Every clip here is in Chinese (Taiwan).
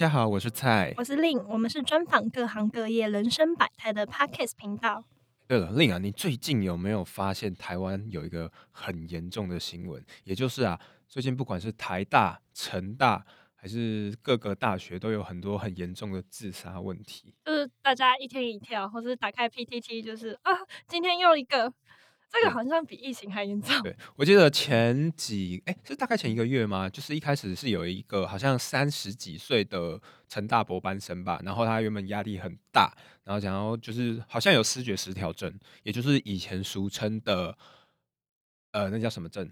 大家好，我是蔡，我是林，我們是專訪各行各業人生百態的 podcast 頻道。對了，林啊，你最近有沒有發現台灣有一個很嚴重的新聞？也就是啊，最近不管是台大、成大，還是各個大學，都有很多很嚴重的自殺問題，就是大家一天一跳，或是打開 PTT，就是啊，今天又有一個。這個好像比疫情還嚴重。對，對我記得前幾哎、欸、是大概前一個月嗎？就是一開始是有一個好像三十幾歲的陳大伯班生吧，然後他原本壓力很大，然後想要就是好像有思覺失調症，也就是以前俗稱的呃那叫什麼症？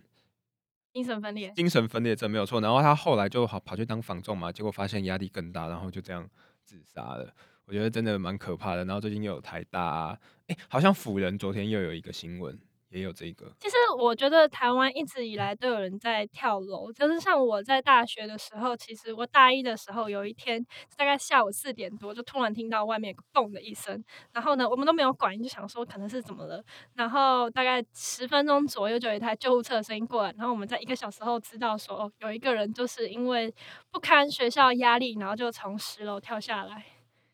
精神分裂？精神分裂症沒有錯。然後他後來就好跑去當房仲嘛，結果發現壓力更大，然後就這樣自殺了。我覺得真的蠻可怕的。然後最近又有台大哎、啊欸，好像輔仁昨天又有一個新聞。也有這個。其實我覺得台灣一直以來都有人在跳樓，就是像我在大學的時候，其實我大一的時候，有一天大概下午四點多，就突然聽到外面咚的一聲，然後呢，我們都沒有管，就想說可能是怎麼了。然後大概十分鐘左右，就有一台救護車的聲音過來，然後我們在一個小時後知道說，有一個人就是因為不堪學校壓力，然後就從十樓跳下來。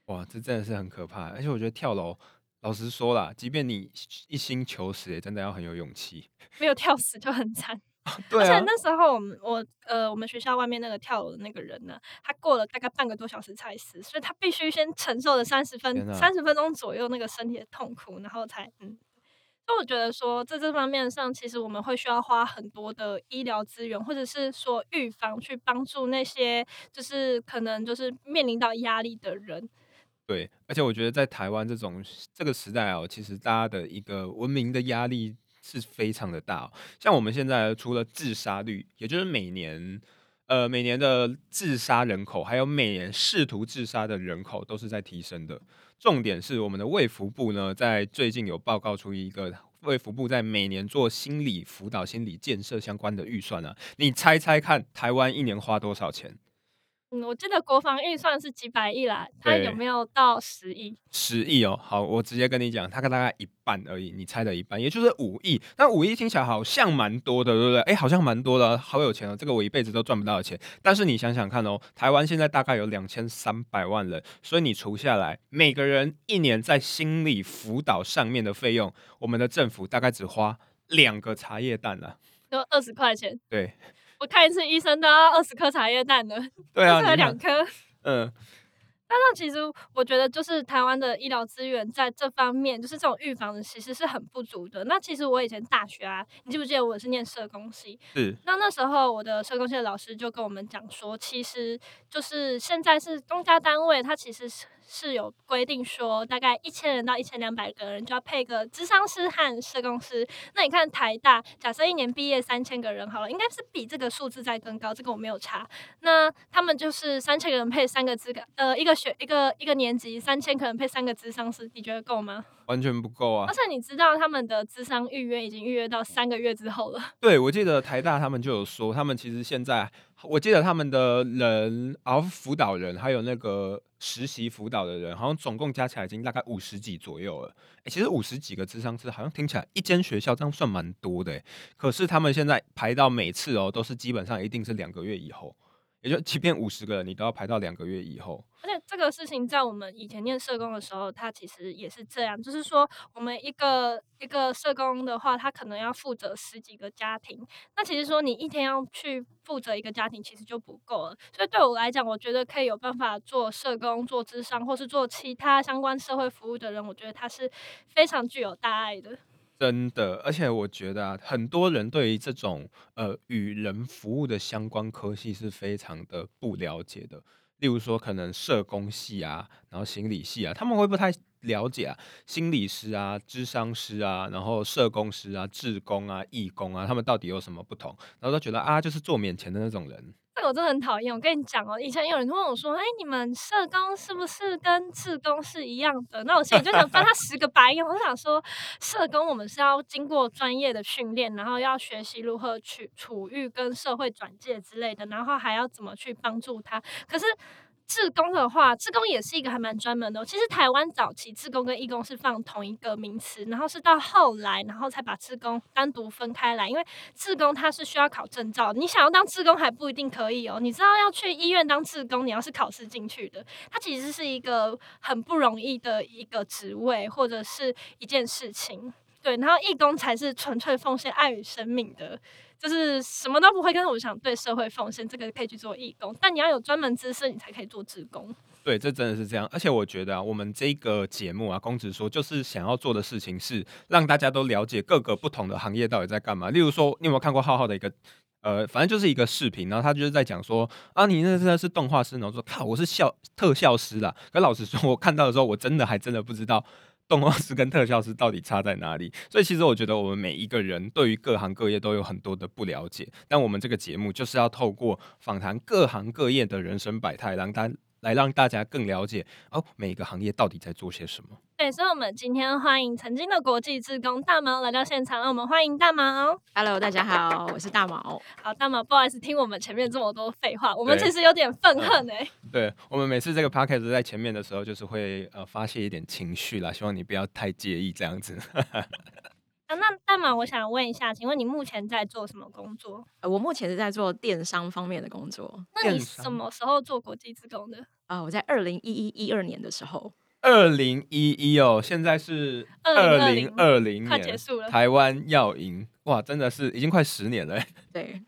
哇，這真的是很可怕，而且我覺得跳樓。老實說啦，即便你一心求死，也真的要很有勇氣。沒有跳死就很慘。啊，對啊。而且那時候我們我呃，我們學校外面那個跳樓的那個人呢，他過了大概半個多小時才死，所以他必須先承受了三十分三十，啊，分鐘左右那個身體的痛苦，然後才嗯。那我覺得說，在這方面上，其實我們會需要花很多的醫療資源，或者是說預防，去幫助那些就是可能就是面臨到壓力的人。對，而且我覺得在台灣這種這個時代哦，其實大家的一個文明的壓力是非常的大哦。像我們現在除了自殺率，也就是每年，呃，每年的自殺人口，還有每年試圖自殺的人口都是在提升的。重點是我們的衛福部呢，在最近有報告出一個衛福部在每年做心理輔導、心理建設相關的預算啊。你猜猜看，台灣一年花多少錢？我記得國防預算是幾百億啦，它有沒有到十億？十億哦，好，我直接跟你講，它跟大概一半而已，你猜的一半，也就是五億。那五億聽起來好像蠻多的，對不對？哎、欸，好像蠻多的、啊，好有錢哦、啊，這個我一輩子都賺不到的錢。但是你想想看哦，台灣現在大概有兩千三百萬人，所以你除下來，每個人一年在心理輔導上面的費用，我們的政府大概只花兩個茶葉蛋了、啊，都二十塊錢。對。我看一次醫生都要二十顆茶葉蛋了，對啊，就了兩顆。嗯，那、呃、那其實我覺得就是台灣的醫療資源在這方面，就是這種預防的其實是很不足的。那其實我以前大學啊，你記不記得我是念社工系？是。那那時候我的社工系的老師就跟我們講說，其實就是現在是公家單位，它其實是。是有規定說，大概一千人到一千兩百個人就要配個諮商師和社工師。那你看台大，假設一年畢業三千個人好了，應該是比這個數字再更高。這個我沒有查。那他們就是三千個人配三個資格，呃一個學一個一個年級三千可能配三個諮商師，你覺得夠嗎？完全不夠啊！而且你知道他們的諮商預約已經預約到三個月之後了。對，我記得台大他們就有說，他們其實現在。我記得他們的人，然後輔導人，還有那個實習輔導的人，好像總共加起來已經大概五十幾左右了。欸、其實五十幾個諮商師，好像聽起來一間學校這樣算蠻多的欸。可是他們現在排到每次哦，都是基本上一定是兩個月以後。也就即便五十個人，你都要排到兩個月以後。而且這個事情在我們以前念社工的時候，它其實也是這樣，就是說我們一個一個社工的話，他可能要負責十幾個家庭。那其實說你一天要去負責一個家庭，其實就不夠了。所以對我來講，我覺得可以有辦法做社工、做諮商，或是做其他相關社會服務的人，我覺得他是非常具有大愛的。真的，而且我覺得啊，很多人對於這種呃與人服務的相關科系是非常的不了解的。例如說，可能社工系啊，然後心理系啊，他們會不太了解啊，心理師啊、諮商師啊、然後社工師啊、志工啊、義工啊，他們到底有什麼不同？然後都覺得啊，就是做免錢的那種人。我真的很討厭，我跟你講哦、喔，以前有人問我說，哎、欸，你們社工是不是跟志工是一樣的？那我現在就想翻他十個白眼。 我就想說，社工我們是要經過專業的訓練，然後要學習如何去處遇跟社會轉介之類的，然後還要怎麼去幫助他。可是。志工的話，志工也是一個還蠻專門的哦。其實台灣早期志工跟義工是放同一個名詞，然後是到後來，然後才把志工單獨分開來。因為志工它是需要考證照，你想要當志工還不一定可以哦。你知道要去醫院當志工，你要是考試進去的，它其實是一個很不容易的一個職位或者是一件事情。對，然後義工才是純粹奉獻愛與生命的。就是什麼都不會，跟我想對社會奉獻，這個可以去做義工。但你要有專門知識，你才可以做志工。對，這真的是這樣。而且我覺得啊，我們這個節目啊，公子說就是想要做的事情是讓大家都了解各個不同的行業到底在幹嘛。例如說，你有沒有看過浩浩的一個呃，反正就是一個視頻，然後他就是在講說啊，你那真的是動畫師，然後說靠，我是笑特效師了。可老實說，我看到的時候，我真的還真的不知道。動畫師跟特效師到底差在哪裡？所以其實我覺得我們每一個人對於各行各業都有很多的不了解，但我們這個節目就是要透過訪談各行各業的人生百態，讓大家。來讓大家更了解哦，每一個行業到底在做些什麼。對，所以，我們今天歡迎曾經的國際志工大毛來到現場。讓我們歡迎大毛。Hello，大家好，我是大毛。好、啊，大毛，不好意思，聽我們前面這麼多廢話，我們其實有點憤恨哎、欸啊。對我們每次這個 podcast 在前面的時候，就是會呃發洩一點情緒啦，希望你不要太介意這樣子 、啊。那大毛，我想問一下，請問你目前在做什麼工作？呃、我目前是在做電商方面的工作。那你什麼時候做國際志工的？啊！我、哦、在二零一一一二年的時候，二零一一哦，現在是二零二零，2020，快結束了。台灣要贏哇，真的是已經快十年了。哎，對，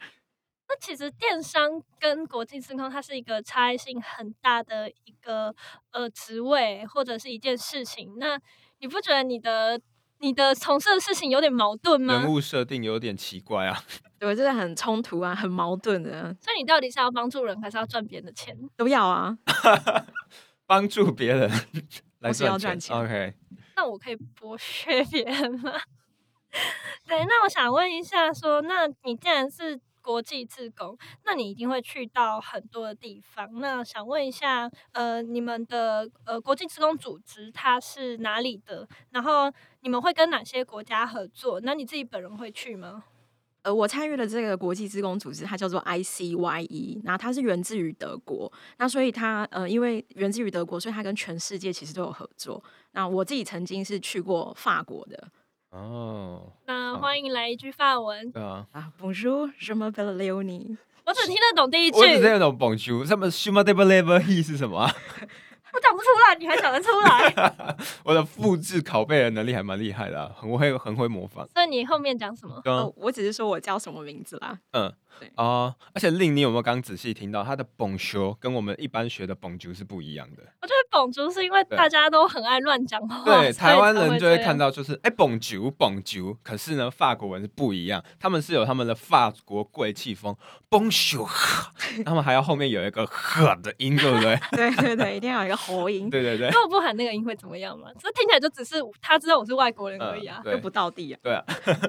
那其實電商跟國際志工，它是一個差異性很大的一個呃職位或者是一件事情。那你不覺得你的？你的從事的事情有點矛盾嗎？人物設定有點奇怪啊，對，真的很衝突啊，很矛盾的啊。所以你到底是要幫助人，還是要賺別人的錢？都要啊， 幫助別人來賺錢。OK，那我可以剝削別人嗎？ 對，那我想問一下，說，那你既然是國際志工，那你一定會去到很多的地方。那想問一下，呃，你們的呃國際志工組織它是哪裡的？然後你們會跟哪些國家合作？那你自己本人會去嗎？呃，我參與了這個國際志工組織，它叫做 ICYE，然後它是源自於德國。那所以它呃，因為源自於德國，所以它跟全世界其實都有合作。那我自己曾經是去過法國的。哦，那歡迎來一句法文啊！啊，Bonjour，je m'appelle Leonie？我只聽得懂第一句，我只聽得懂 Bonjour，什麼 Schumacher Lever He 是什麼 我講不出來，你還講得出來？ 我的複制、拷貝的能力還蠻厲害的，很會、很會模仿。那你後面講什麼嗎、哦？我只是說我叫什麼名字啦。嗯。哦對、uh, 而且令你有沒有剛仔細聽到他的 bonjour 跟我們一般學的 bonjour 是不一樣的。我覺得 bonjour 是因為大家都很愛亂講話。對，以台灣人就會看到就是哎 bonjour bonjour 可是呢，法國文是不一樣，他們是有他們的法國貴氣風 bonjour。n、bon、 他們還要後面有一個呵的音，對不對？ 對對對，一定要有一個喉音。對對對，如果不喊那個音會怎麼樣嘛？這聽起來就只是他知道我是外國人而已啊，又、嗯、不到地啊。對啊。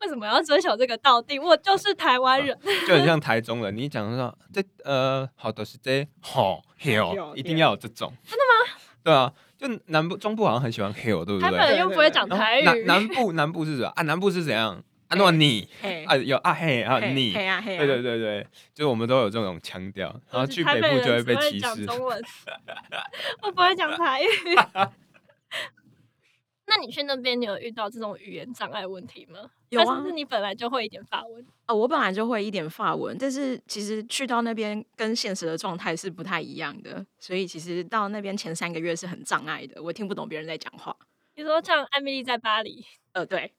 為什麼要遵守這個道地？我就是台灣人，就很像台中人。你講說這呃，好多是這好 hill，一定要有這種，真的嗎？對啊，就南部、中部好像很喜歡 hill，對不對？台北人又不會講台語。南部南部是什麼啊？南部是怎樣？啊，諾啊，有啊嘿，啊你。對對對對，就我們都有這種腔調，然後去北部就會被歧視。我不會講台語。那你去那邊，你有遇到這種語言障礙問題嗎？有啊。還是你本來就會一點法文啊？呃，我本來就會一點法文，但是其實去到那邊跟現實的狀態是不太一樣的，所以其實到那邊前三個月是很障礙的，我聽不懂別人在講話。比如說像艾米麗在巴黎，呃，對，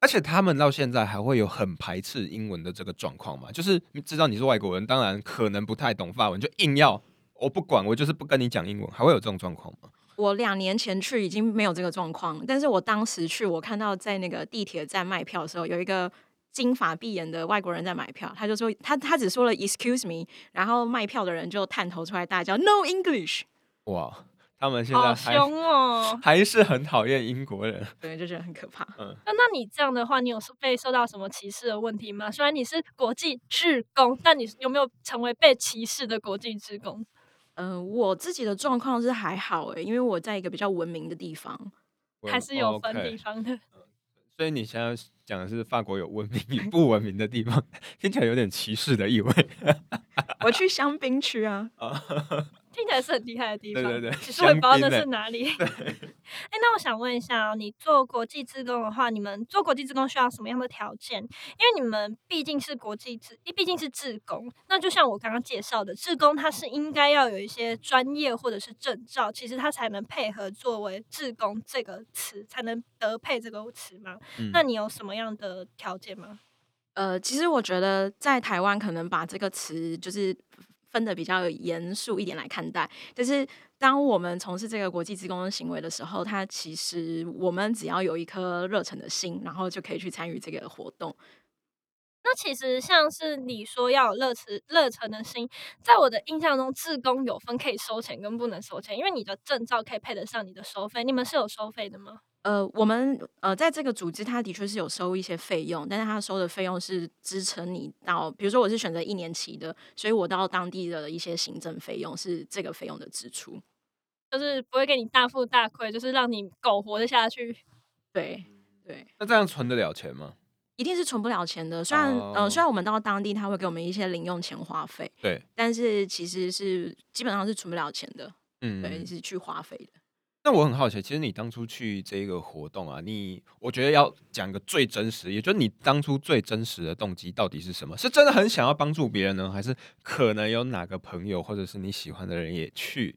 而且他們到現在還會有很排斥英文的這個狀況嘛？就是你知道你是外國人，當然可能不太懂法文，就硬要我不管，我就是不跟你講英文，還會有這種狀況嗎？我兩年前去已經沒有這個狀況，但是我當時去，我看到在那個地鐵站賣票的時候，有一個金髮碧眼的外國人在買票，他就說他他只說了 excuse me，然後賣票的人就探頭出來大叫 No English。哇，他們現在好凶哦，還是很討厭英國人，對，就覺得很可怕。嗯，那那你這樣的話，你有被受到什麼歧視的問題嗎？雖然你是國際志工，但你有沒有成為被歧視的國際志工？嗯、呃，我自己的狀況是還好誒、欸，因為我在一個比較文明的地方，文還是有分地方的。Okay. 呃、所以你現在講的是法國有文明與不文明的地方， 聽起來有點歧視的意味。 我去香檳區啊。 聽起來是很厲害的地方， 對對對。其實我也不知道那是哪裡。哎、欸，那我想問一下啊、哦，你做國際志工的話，你們做國際志工需要什麼樣的條件？因為你們畢竟是國際志，畢竟是志工，那就像我剛剛介紹的，志工他是應該要有一些專業或者是證照，其實他才能配合作為“志工”這個詞，才能得配這個詞嗎？嗯、那你有什麼樣的條件嗎？呃，其實我覺得在台灣可能把這個詞就是。分得比較嚴肅一點來看待，就是當我們從事這個國際志工的行為的時候，它其實我們只要有一顆熱誠的心，然後就可以去參與這個活動。那其實像是你說要有熱忱，熱忱的心，在我的印象中，志工有分可以收錢跟不能收錢，因為你的證照可以配得上你的收費。你們是有收費的嗎？呃，我們呃，在這個組織，他，的確是有收一些費用，但是他收的費用是支撐你到，比如說我是選擇一年期的，所以我到當地的一些行政費用是這個費用的支出，就是不會給你大富大貴，就是讓你苟活得下去。對對，對。那這樣存得了錢嗎？一定是存不了錢的，雖然、哦、呃，雖然我們到當地他會給我們一些零用錢花費，對，但是其實是基本上是存不了錢的，嗯，嗯，對，是去花費的。那我很好奇，其實你當初去這一個活動啊，你我覺得要講個最真實，也就是你當初最真實的動機到底是什麼？是真的很想要幫助別人呢，還是可能有哪個朋友或者是你喜歡的人也去，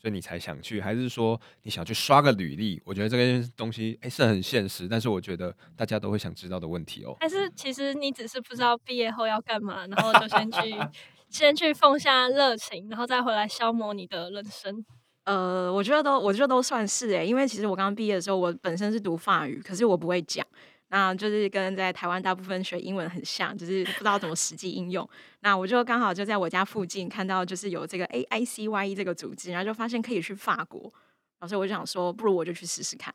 所以你才想去？還是說你想去刷個履歷？我覺得這個東西哎是很現實，但是我覺得大家都會想知道的問題哦。但是其實你只是不知道畢業後要幹嘛，然後就先去 先去奉獻熱情，然後再回來消磨你的人生。呃，我覺得都，我覺得都算是哎、欸，因為其實我剛剛畢業的時候，我本身是讀法語，可是我不會講，那就是跟在台灣大部分學英文很像，就是不知道怎麼實際應用。 那我就剛好就在我家附近看到，就是有這個 A I C Y E 這個組織，然後就發現可以去法國，啊、所以我就想說，不如我就去試試看。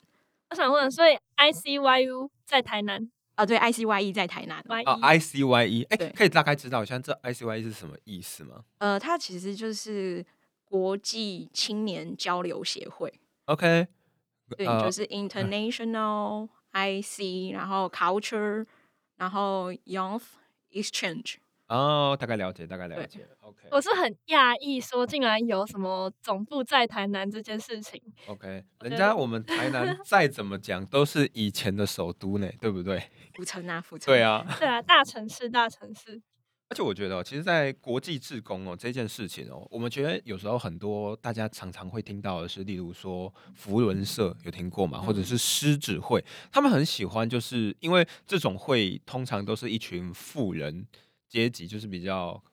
我想問，所以 I C Y U 在台南啊？對，I C Y E 在台南。哦、呃 Oh, I C Y E，哎對，可以大概知道一下這 I C Y E 是什麼意思嗎？呃，它其實就是。國際青年交流協會，OK，uh, 對，就是 International、uh, I C，然後 Culture，然後 Youth Exchange。哦，oh, 大概了解，大概了解。對 OK，我是很訝異，說竟然有什麼總部在台南這件事情。OK，人家我們台南再怎麼講都是以前的首都呢，對不對？古城啊，附近。對啊，對啊，大城市，大城市。而且我覺得，其實，在國際志工哦這件事情哦，我們覺得有時候很多大家常常會聽到的是，例如說扶輪社有聽過嘛，或者是獅子會，他們很喜歡，就是因為這種會通常都是一群富人階級，就是比較。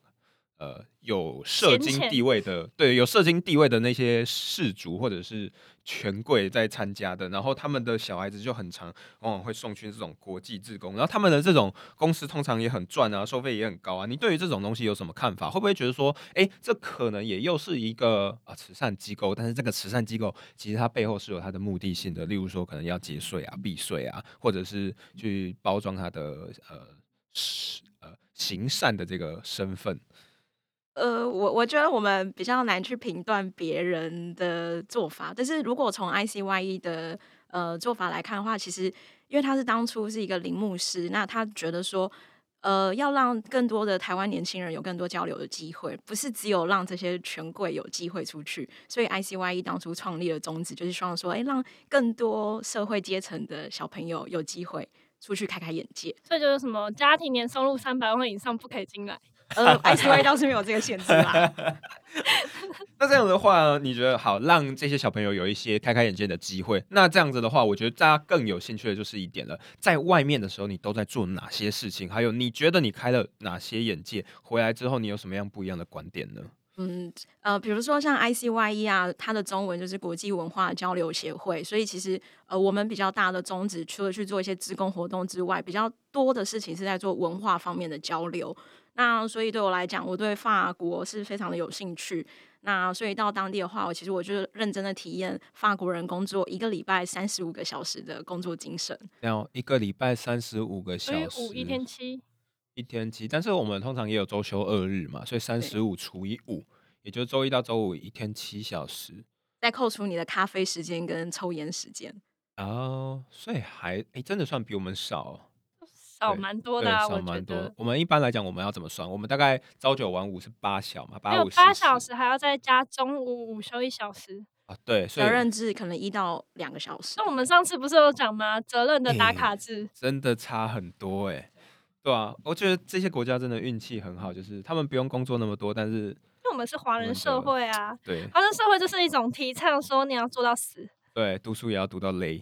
呃，有社經地位的，對，有社經地位的那些士族或者是權貴在參加的，然後他們的小孩子就很常，往往會送去這種國際志工，然後他們的這種公司通常也很賺啊，收費也很高啊。你對於這種東西有什麼看法？會不會覺得說，誒，這可能也又是一個啊慈善機構，但是這個慈善機構其實它背後是有它的目的性的，例如說可能要節稅啊、避稅啊，或者是去包裝它的呃呃行善的這個身份。呃，我我覺得我們比較難去評斷別人的做法，但是如果從 ICYE 的呃做法來看的話，其實因為他是當初是一個林牧師，那他覺得說，呃，要讓更多的台灣年輕人有更多交流的機會，不是只有讓這些權貴有機會出去，所以 ICYE 當初創立的宗旨就是希望說，說，哎，讓更多社會階層的小朋友有機會出去開開眼界，所以就是什麼家庭年收入三百萬以上不可以進來。 呃 ICYE 倒是沒有這個限制啦。那這樣的話，你覺得好讓這些小朋友有一些開開眼界的機會？那這樣子的話，我覺得大家更有興趣的就是一點了。在外面的時候，你都在做哪些事情？還有，你覺得你開了哪些眼界？回來之後，你有什麼樣不一樣的觀點呢？嗯呃，比如說像 ICYE 啊，它的中文就是國際文化交流協會，所以其實呃，我們比較大的宗旨，除了去做一些志工活動之外，比較多的事情是在做文化方面的交流。那所以對我來講，我對法國是非常的有興趣。那所以到當地的話，我其實我就認真的體驗法國人工作一個禮拜三十五個小時的工作精神。然後一個禮拜三十五個小時，一天七，一天七。但是我們通常也有周休二日嘛，所以三十五除以五，對也就是周一到周五一天七小時。再扣除你的咖啡時間跟抽菸時間。哦，所以還，哎，真的算比我們少。少蠻、哦、多的、啊、我覺得我們一般來講，我們要怎麼算？我們大概朝九晚五是八小嘛，八沒有，八小時還要再加中午午休一小時啊，對。責任制可能一到兩個小時。那我們上次不是有講嗎？責任的打卡制 yeah, 真的差很多哎、欸，對啊，我覺得這些國家真的運氣很好，就是他們不用工作那麼多，但是因為我們是華人社會啊，對，華人社會就是一種提倡說你要做到死，對，讀書也要讀到累，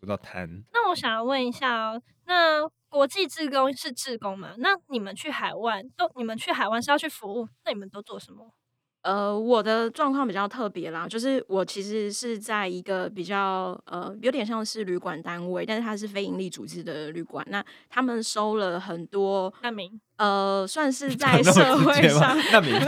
讀到癱。那我想要問一下、哦 那國際志工是志工嘛？那你們去海外都，你們去海外是要去服務？那你們都做什麼？呃，我的狀況比較特別啦，就是我其實是在一個比較呃有點像是旅館單位，但是它是非營利組織的旅館。那他們收了很多難民，名呃，算是在社會上， 那名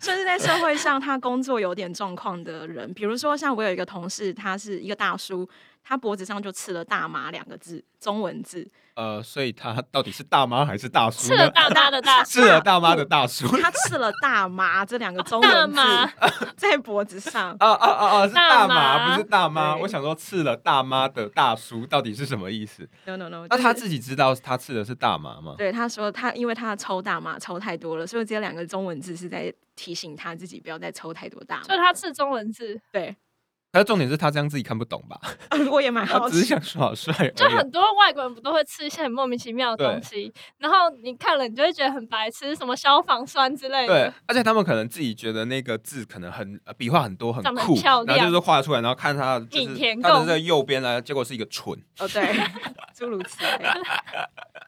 算是在社會上，他工作有點狀況的人，比如說像我有一個同事，他是一個大叔。他脖子上就刺了“大麻”兩個字，中文字。呃，所以他到底是大媽還是大叔？刺了大媽的大， 刺了大媽的大叔。嗯、他刺了“大麻”這兩個中文字、哦、在脖子上。哦哦哦哦，是大麻，大麻不是大媽。對我想說，刺了大媽的大叔到底是什麼意思？No no 那、no, 他自己知道他刺的是大麻嗎？對，他說他因為他抽大麻抽太多了，所以只有兩個中文字是在提醒他自己不要再抽太多大麻。所以他刺中文字，對。他的重點是他這樣自己看不懂吧？ 我也蠻好奇。他只是想說好帥。 就很多外國人不都會吃一些很莫名其妙的東西，對 然後你看了，你就會覺得很白痴，什麼消防栓之類的。對，而且他們可能自己覺得那個字可能很筆畫很多，很酷，很漂亮。然後就是畫出來，然後看他的、就是他是在右邊來，結果是一個蠢。哦， oh, 對，諸如此類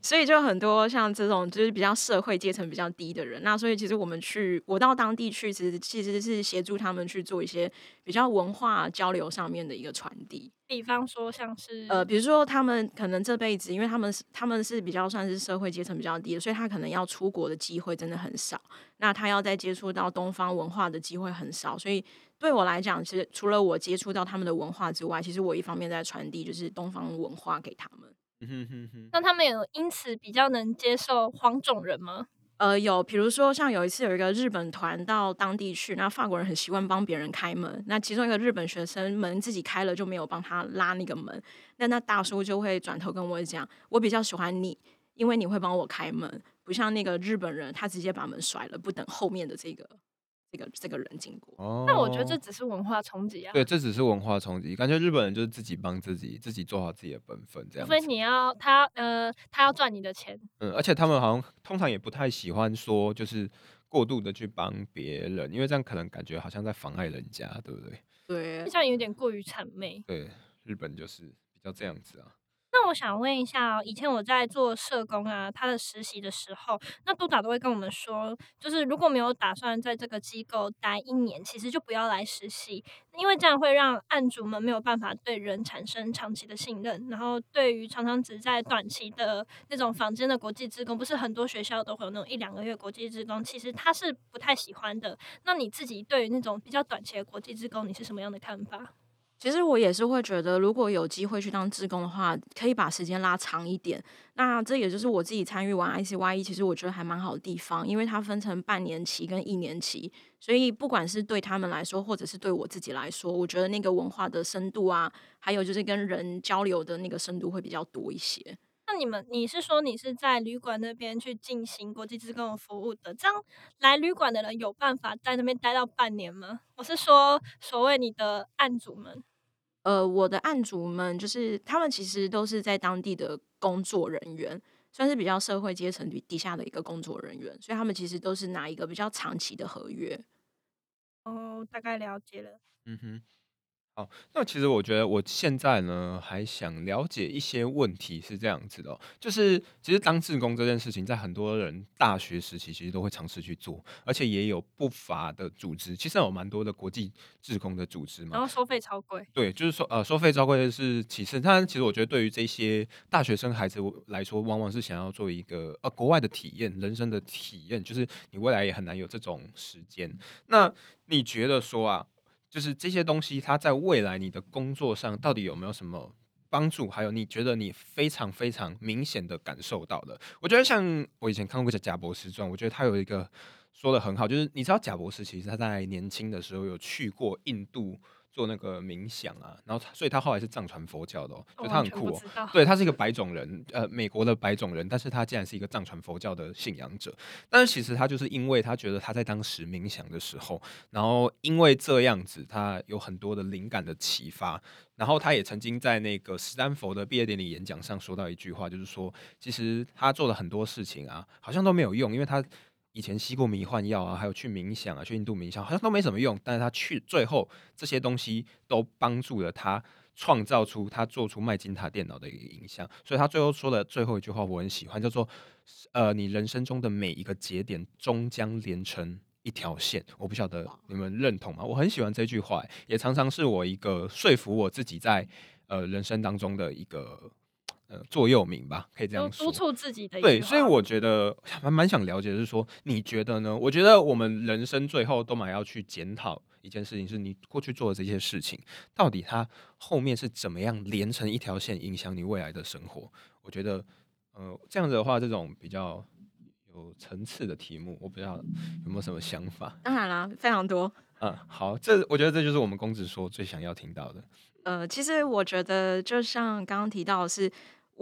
所以就很多像這種就是比較社會階層比較低的人，那所以其實我們去，我到當地去其實，其實其實是協助他們去做一些比較文化交流上面的一個傳遞。比方說像是呃，比如說他們可能這輩子，因為他們是他們是比較算是社會階層比較低的，所以他可能要出國的機會真的很少。那他要再接觸到東方文化的機會很少，所以對我來講，其實除了我接觸到他們的文化之外，其實我一方面在傳遞就是東方文化給他們。 那他們有因此比較能接受黃種人嗎？呃，有，比如說像有一次有一個日本團到當地去，那法國人很習慣幫別人開門，那其中一個日本學生門自己開了，就沒有幫他拉那個門，那那大叔就會轉頭跟我講，我比較喜歡你，因為你會幫我開門，不像那個日本人，他直接把門甩了，不等後面的這個。這個這個人經過，oh, 那我覺得這只是文化衝擊啊。對，這只是文化衝擊，感覺日本人就是自己幫自己，自己做好自己的本分，這樣。除非你要他要，呃，他要賺你的錢。嗯，而且他們好像通常也不太喜歡說，就是過度的去幫別人，因為這樣可能感覺好像在妨礙人家，對不對？對，就像有點過於諂媚。對，日本就是比較這樣子啊。那我想問一下、哦，以前我在做社工啊，他的實習的時候，那督導都會跟我們說，就是如果沒有打算在這個機構待一年，其實就不要來實習，因為這樣會讓案主們沒有辦法對人產生長期的信任。然後，對於常常只在短期的那種房間的國際志工，不是很多學校都會有那種一兩個月國際志工，其實他是不太喜歡的。那你自己對於那種比較短期的國際志工，你是什麼樣的看法？其實我也是會覺得，如果有機會去當志工的話，可以把時間拉長一點。那這也就是我自己參與完 ICYE，其實我覺得還蠻好的地方，因為它分成半年期跟一年期，所以不管是對他們來說，或者是對我自己來說，我覺得那個文化的深度啊，還有就是跟人交流的那個深度會比較多一些。那你們你是說你是在旅館那邊去進行國際志工服務的？這樣來旅館的人有辦法在那邊待到半年嗎？我是說，所謂你的案主們。呃，我的案主們就是他們其實都是在當地的工作人員，算是比較社會階層底下的一個工作人員，所以他們其實都是拿一個比較長期的合約。哦，大概了解了。嗯哼。哦，那其實我覺得我現在呢，還想了解一些問題，是這樣子的，哦，就是其實當志工這件事情，在很多人大學時期其實都會嘗試去做，而且也有不乏的組織，其實有蠻多的國際志工的組織嘛。然後收費超貴。對，就是說呃，收費超貴的是其次，但其實我覺得對於這些大學生孩子來說，往往是想要做一個呃國外的體驗，人生的體驗，就是你未來也很難有這種時間。那你覺得說啊？就是這些東西，它在未來你的工作上到底有沒有什麼幫助？還有你覺得你非常非常明顯的感受到的？我覺得像我以前看過叫《賈伯斯傳》，我覺得他有一個說的很好，就是你知道賈伯斯其實他在年輕的時候有去過印度。做那個冥想啊，然後他，所以他後來是藏傳佛教的哦，就、哦、他很酷哦，對，他是一個白種人，呃，美國的白種人，但是他竟然是一個藏傳佛教的信仰者，但是其實他就是因為他覺得他在當時冥想的時候，然後因為這樣子，他有很多的靈感的啟發，然後他也曾經在那個斯坦福的畢業典禮演講上說到一句話，就是說其實他做了很多事情啊，好像都沒有用，因為他。以前吸過迷幻藥啊，還有去冥想啊，去印度冥想，好像都沒什麼用。但是他去最後這些東西都幫助了他，創造出他做出麥金塔電腦的一個影像。所以他最後說的最後一句話，我很喜歡，叫做：“呃，你人生中的每一個節點終將連成一條線。”我不曉得你們認同嗎？我很喜歡這句話，欸，也常常是我一個說服我自己在呃人生當中的一個。呃、座右銘吧，可以這樣說，督促自己的。對，所以我覺得蠻蠻想了解的，是說你覺得呢？我覺得我們人生最後都蠻要去檢討一件事情，是你過去做的這些事情，到底它後面是怎麼樣連成一條線，影響你未來的生活。我覺得、呃，這樣子的話，這種比較有層次的題目，我不知道有沒有什麼想法。當然啦，非常多。嗯，好，這我覺得這就是我們公子說最想要聽到的。呃，其實我覺得就像剛剛提到的是。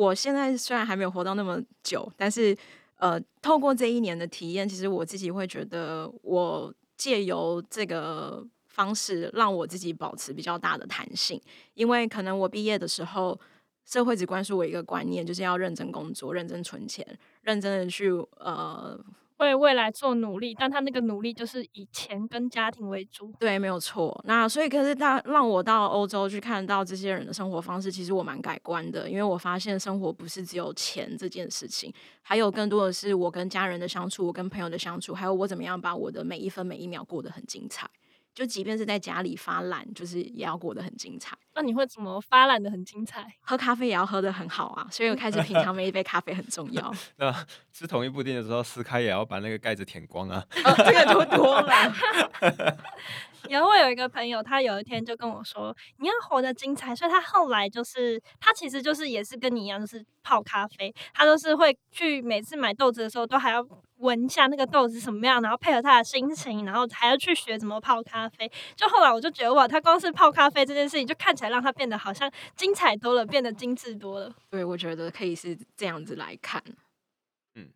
我現在雖然還沒有活到那麼久，但是，呃，透過這一年的體驗，其實我自己會覺得，我借由這個方式，讓我自己保持比較大的彈性，因為可能我畢業的時候，社會只灌輸我一個觀念，就是要認真工作、認真存錢、認真的去呃。為未來做努力，但他那個努力就是以錢跟家庭為主。對，沒有錯。那所以，可是他讓我到歐洲去看到這些人的生活方式，其實我蠻改觀的，因為我發現生活不是只有錢這件事情，還有更多的是我跟家人的相處，我跟朋友的相處，還有我怎麼樣把我的每一分每一秒過得很精彩。就即便是在家裡發懶，就是也要過得很精彩。那你會怎麼發懶得很精彩？喝咖啡也要喝得很好啊，所以我開始品嘗每一杯咖啡很重要。 那吃同一部電的時候，撕開也要把那個蓋子舔光啊。哦，這個就多懶。然後我有一個朋友，他有一天就跟我說：“你要活得精彩。”所以，他後來就是他其實就是也是跟你一樣，就是泡咖啡，他都是會去每次買豆子的時候都還要，聞一下那個豆子什麼樣，然後配合他的心情，然後還要去學怎麼泡咖啡。就後來我就覺得哇，他光是泡咖啡這件事情，就看起來讓他變得好像精彩多了，變得精致多了。對，我覺得可以是這樣子來看。嗯，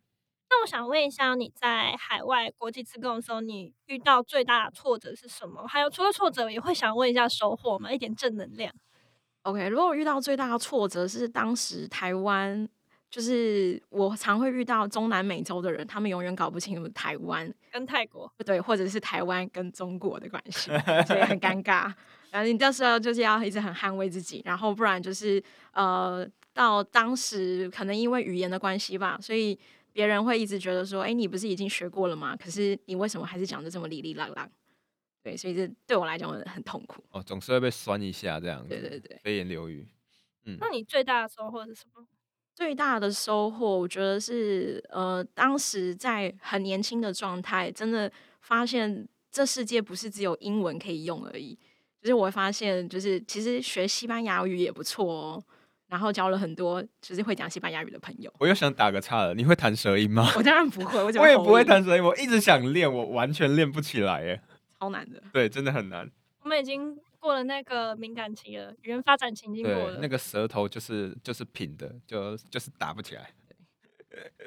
那我想問一下，你在海外國際志工的時候，你遇到最大的挫折是什麼？還有除了挫折，也會想問一下收穫嗎？一點正能量。OK，如果我遇到最大的挫折是當時台灣。就是我常會遇到中南美洲的人，他們永遠搞不清楚台灣跟泰國，對，或者是台灣跟中國的關係，所以很尷尬。反正 你到時候就是要一直很捍衛自己，然後不然就是呃，到當時可能因為語言的關係吧，所以別人會一直覺得說，哎，你不是已經學過了嗎？可是你為什麼還是講的這麼哩哩啦啦？對，所以這對我來講很痛苦。哦，總是會被酸一下這樣子。對對對。飛言流語，嗯。那你最大的收穫是什麼？最大的收穫，我覺得是，呃，當時在很年輕的狀態，真的發現這世界不是只有英文可以用而已。就是我發現，就是其實學西班牙語也不錯哦。然後交了很多，就是會講西班牙語的朋友。我又想打個岔了，你會彈舌音嗎？ 我當然不會，我 我也不會彈舌音， 我一直想練，我完全練不起來耶，超難的。對，真的很難。我們已經。過了那個敏感期了，語言發展期經過了，那個舌頭就是就是平的，就就是打不起來。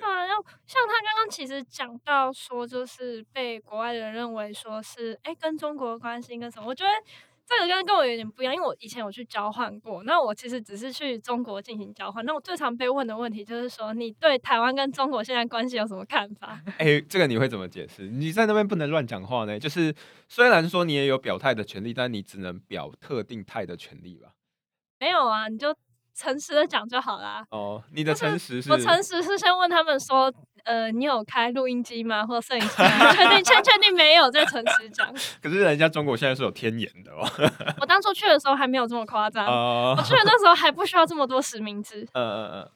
啊，然後像他剛剛其實講到說，就是被國外的人認為說是哎、欸，跟中國的關係跟什麼？我覺得。這個跟跟我有點不一樣，因為我以前有去交換過，那我其實只是去中國進行交換。那我最常被問的問題就是說，你對台灣跟中國現在關係有什麼看法？哎、欸，這個你會怎麼解釋？你在那邊不能亂講話呢？就是雖然說你也有表態的權利，但你只能表特定態的權利吧？沒有啊，你就。誠實的講就好啦。哦，oh, 你的誠實是……是我誠實是先問他們說，呃，你有開錄音機嗎？或攝影機？你確確定沒有在誠實講。 可是人家中國現在是有天眼的哦、喔。 我當初去的時候還沒有這麼誇張。Oh、我去的那時候還不需要這麼多實名制。嗯嗯嗯。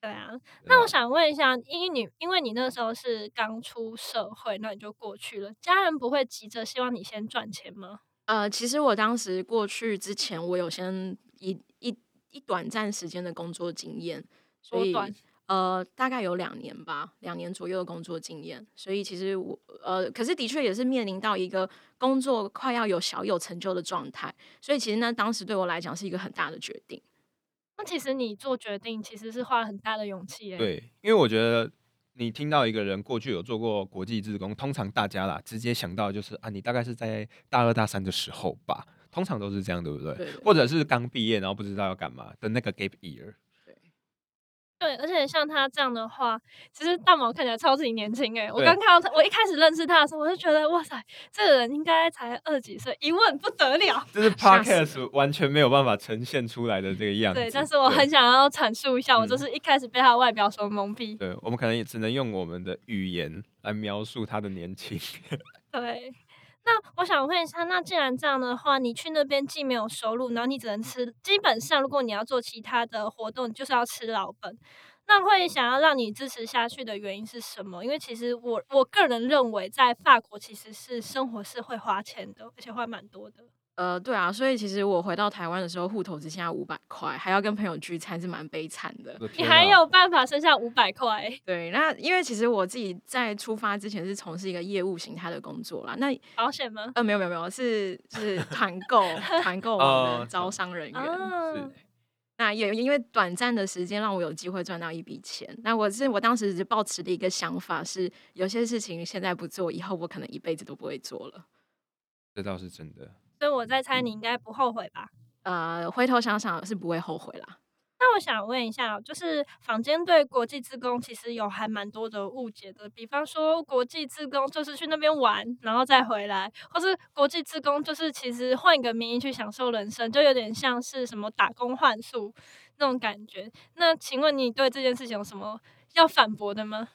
對啊，那我想問一下，因為你因為你那時候是剛出社會，那你就過去了。家人不會急着希望你先賺錢嗎？呃，其實我當時過去之前，我有先一一。一短暫時間的工作經驗，所以多短？呃，大概有兩年吧，兩年左右的工作經驗。所以其實我呃，可是的確也是面臨到一個工作快要有小有成就的狀態。所以其實呢，當時對我來講是一個很大的決定。那其實你做決定其實是花了很大的勇氣誒、欸，對，因為我覺得你聽到一個人過去有做過國際志工，通常大家啦直接想到就是啊，你大概是在大二大三的時候吧。通常都是這樣，對不對？對對對，或者是剛畢業，然後不知道要幹嘛的那個 gap year。對，而且像他這樣的話，其實大毛看起來超級年輕哎、欸！對我剛看到他，我一開始認識他的時候，我就覺得哇塞，這個人應該才二十幾歲，一問不得了，就是 Podcast 完全沒有辦法呈現出來的這個樣子。對，但是我很想要闡述一下，對我就是一開始被他的外表所蒙蔽。對，我們可能也只能用我們的語言來描述他的年輕。 對。那我想問一下，那既然這樣的話，你去那邊既沒有收入，然後你只能吃，基本上如果你要做其他的活動，就是要吃老本。那會想要讓你支持下去的原因是什麼？因為其實我我個人認為，在法國其實是生活是會花錢的，而且花蠻多的。呃，對啊，所以其實我回到台灣的時候，戶頭只剩下五百塊，還要跟朋友聚餐，是蠻悲慘的。你還有辦法剩下五百塊？對，那因為其實我自己在出發之前是從事一個業務形態的工作啦。那保險嗎？呃，沒有沒有沒有，是是團購 團購我們的招商人員。哦，是。那也因為短暫的時間，讓我有機會賺到一筆錢。那我是我當時是抱持的一個想法是，有些事情現在不做，以後我可能一輩子都不會做了。這倒是真的。所以我在猜，你應該不後悔吧？呃，回頭想想，是不會後悔啦。那我想問一下，就是坊間對國際志工其實有還蠻多的誤解的，比方說國際志工就是去那邊玩，然後再回來，或是國際志工就是其實換一個名義去享受人生，就有點像是什麼打工換宿那種感覺。那請問你對這件事情有什麼要反駁的嗎？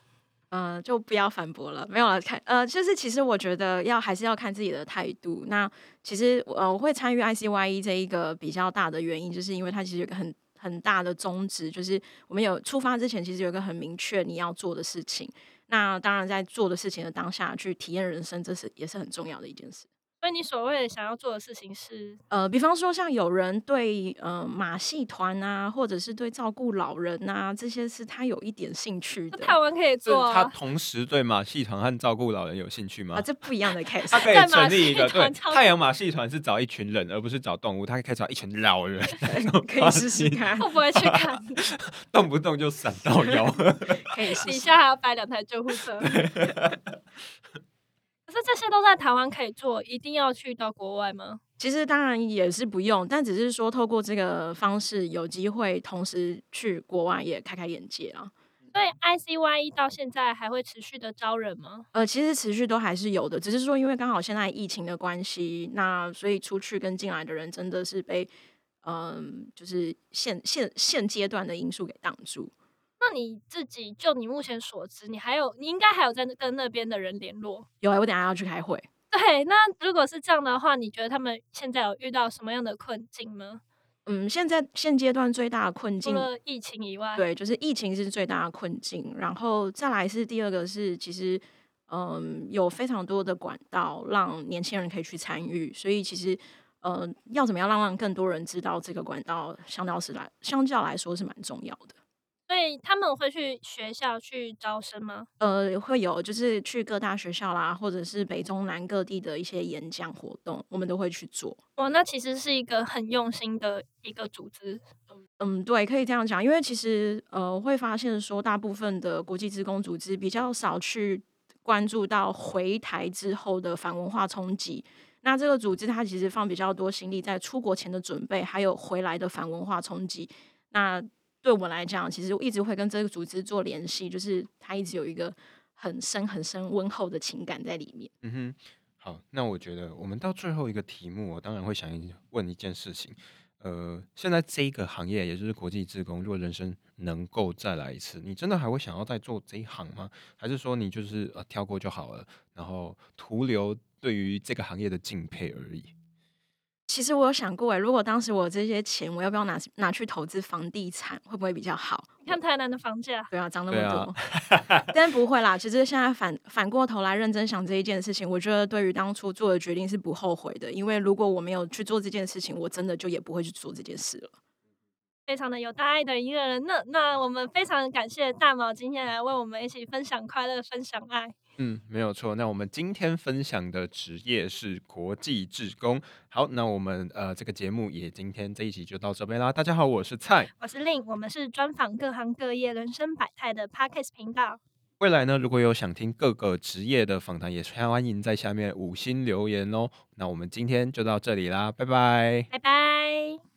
嗯、呃，就不要反駁了，沒有了。看，呃，就是其實我覺得要還是要看自己的態度。那其實我，呃，我會參與 ICYE 這一個比較大的原因，就是因為它其實有一個很很大的宗旨，就是我們有出發之前，其實有一個很明確你要做的事情。那當然，在做的事情的當下去體驗人生，這是也是很重要的一件事。所以你所謂想要做的事情是，呃，比方說像有人對呃馬戲團啊，或者是對照顧老人啊這些是他有一點興趣的。台灣可以做啊。他同時對馬戲團和照顧老人有興趣嗎？啊，這不一樣的 case。他可以成立一個 馬戲團。對，太陽馬戲團是找一群人，而不是找動物。他可以找一群老人。可以試試看。會 不會去看？ 動不動就閃到腰。 可以試試。底下還要擺兩台救護車。 那這些都在台灣可以做，一定要去到國外嗎？其實當然也是不用，但只是說透過這個方式，有機會同時去國外也開開眼界啊。所以 ICYE 到現在還會持續的招人嗎？呃，其實持續都還是有的，只是說因為剛好現在疫情的關係，那所以出去跟進來的人真的是被嗯、呃，就是現現現階段的因素給擋住。那你自己，就你目前所知，你還有你應該還有在跟那邊的人聯絡？有欸，我等下要去開會。對，那如果是這樣的話，你覺得他們現在有遇到什麼樣的困境嗎？嗯，現在現階段最大的困境，除了疫情以外，對，就是疫情是最大的困境。然後再來是第二個是，其實嗯、呃，有非常多的管道讓年輕人可以去參與，所以其實嗯、呃，要怎麼樣讓讓更多人知道這個管道，相較是來相較來說是蠻重要的。所以他們會去學校去招生嗎？呃，會有，就是去各大學校啦，或者是北中南各地的一些演講活動，我們都會去做。哇，那其實是一個很用心的一個組織。嗯，嗯，對，可以這樣講。因為其實呃，我會發現說，大部分的國際志工組織比較少去關注到回台之後的反文化衝擊。那這個組織它其實放比較多心力在出國前的準備，還有回來的反文化衝擊。那對我們來講，其實我一直會跟這個組織做聯繫，就是它一直有一個很深很深溫厚的情感在裡面。嗯哼，好，那我覺得我們到最後一個題目，我當然會想一問一件事情。呃，現在這個行業，也就是國際志工，如果人生能夠再來一次，你真的還會想要再做這一行嗎？還是說你就是呃、啊、跳過就好了，然後徒留對於這個行業的敬佩而已？其實我有想過誒、欸，如果當時我有這些錢，我要不要拿拿去投資房地產，會不會比較好？你看台南的房價，對啊，漲那麼多。真的對、啊、 不會啦。其實現在反反過頭來認真想這一件事情，我覺得對於當初做的決定是不後悔的。因為如果我沒有去做這件事情，我真的就也不會去做這件事了。非常的有大愛的一個人。那那我們非常感謝大毛今天來為我們一起分享快樂，分享愛。嗯，沒有錯。那我們今天分享的職業是國際志工。好，那我們呃，這個節目也今天這一期就到這邊啦。大家好，我是蔡，我是 Ling，我們是專訪各行各業人生百態的 Podcast 頻道。未來呢，如果有想聽各個職業的訪談，也非常歡迎在下面五星留言哦。那我們今天就到這裡啦，拜拜，拜拜。